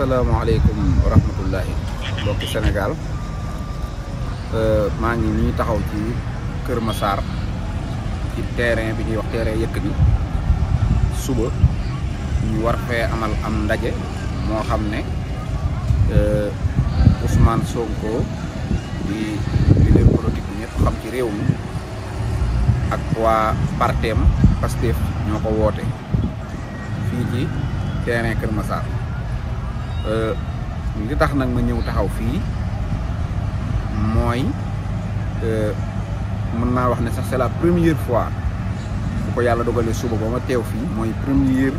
asalaamaaleykum wa rahmatullahi mbokki Sénégal euh, maa ngi nii taxaw ci Kër Massar ci terrain bi ñuy wax terrain ni suba ñu war fee amal am ndaje moo xam ne euh, Ousmane Sonko di leader politique bi ñëpp xam ci réew mi ak waa partem Pastef ñoo ko woote fii ci terrain Kër Massar li tax nag ma ñëw taxaw fii mooy euh, mën naa wax ne sax c'est la première fois bu ko yàlla dogalee suba ba ma teew fii mooy première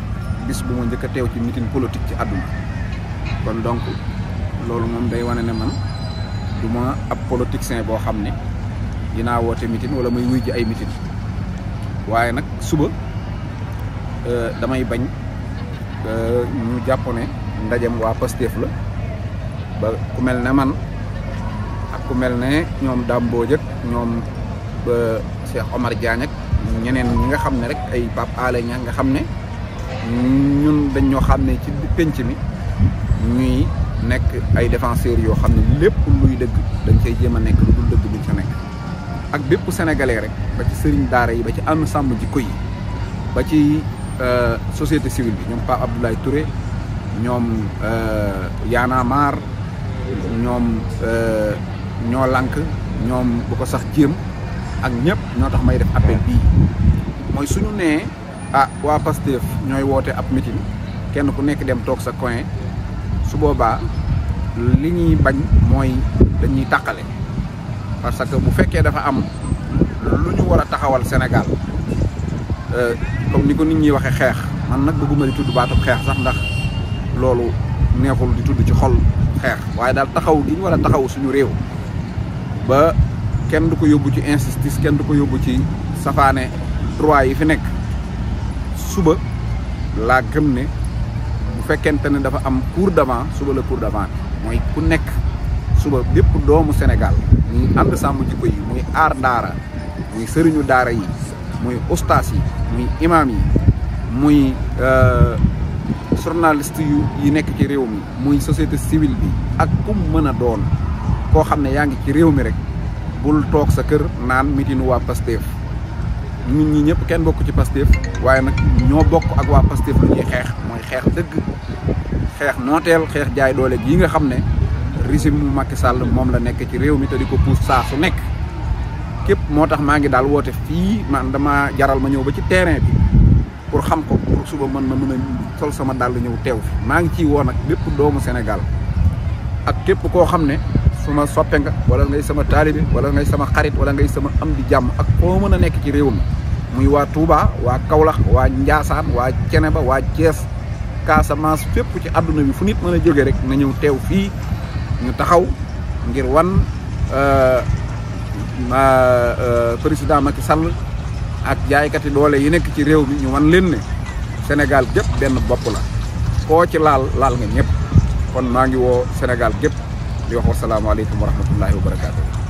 bis bu ma njëkk a teew ci meeting politique ci àdduna kon donc loolu moom day wane ne man du ma ab politicien boo xam ne dinaa woote meeting wala may wuy ji ay meeting waaye nag suba euh, damay bañ euh, ñu jàpp ne ndajem waa Pastef la ba ku mel ne man ak ku mel ne ñoom Dambodj ak ñoom ba Cheikh Omar Diagne ñeneen ñi nga xam ne rek ay Pape ale Niang nga xam ne ñun dañ ñoo xam ne ci penc mi ñuy nekk ay défenseurs yoo xam ne lépp luy dëgg dañ koy jéem a nekk lu dul dëgg buñ sa nekk ak bépp sénégalais rek ba ci sëriñ daara yi ba ci ànd sàmm jikko yi ba ci euh, société civile bi ñoom Pape Abdoulaye Touré ñoom euh, Y'en a ñoom euh, ñoo lank ñoom bu ko sax jéem ak ñëpp ñoo tax may def appel bii mooy suñu nee ah waa Pastef ñooy woote ab meeting kenn ku nekk dem toog sa coin su boobaa li ñuy bañ mooy dañuy taqale parce que bu fekkee dafa am lu ñu war a taxawal Sénégal euh, comme ni ko nit ñi waxee xeex man nag bëgguma di tudd baatub xeex sax ndax loolu neexul di tudd ci xol xeex waaye daal taxaw gi ñu war taxaw suñu réew ba kenn du ko yóbbu ci injustice kenn du ko yóbbu ci safaane droit yi fi nekk suba laa gëm ne bu fekkente ne dafa am cours d'avant suba la cours d'avant mooy ku nekk suba bépp doomu Sénégal muy ànd sàmm jikko yi muy aar daara muy sëriñu daara yi muy ustaas yi muy imaam yi muy euh, journaliste yu yi nekk ci réew mi muy société civile bi ak kum mën a doon koo xam ne yaa ngi ci réew mi rek bul toog sa kër naan mitinu waa Pastef nit ñi ñëpp kenn bokk ci Pastef waaye nag ñoo bokk ak waa Pastef lu ñuy xeex mooy xeex dëgg xeex nooteel xeex jaay doole gi nga xam ne régime mu Macky sàll moom la nekk ci réew mi te di ko puus saa su nekk képp moo tax maa ngi daal woote fii man dama jaral ma ñëw ba ci terrain bi pour xam ko pour suba mën na mën a sol sama dàll ñëw teew fi maa ngi ciy woo nag bépp doomu Sénégal ak képp koo xam ne suma soppe nga wala ngay sama taalibe wala ngay sama xarit wala ngay sama am di jàmm ak koo mën a nekk ci réew mi muy waa Touba waa Kaolack waa Njaasaan waa Ceneba waa jees Casamance fépp ci àdduna bi fu nit mën a jóge rek na ñëw teew fii ñu taxaw ngir wan euh, euh, président Macky Sall ak jaaykati doole yi nekk ci réew mi ñu wan leen Sénégal gépp benn bopp la koo ci laal laal nga ñëpp kon maa ngi woo Sénégal gépp di wax wasalaamaaleykum wa rahmatullahi wa barakaatu.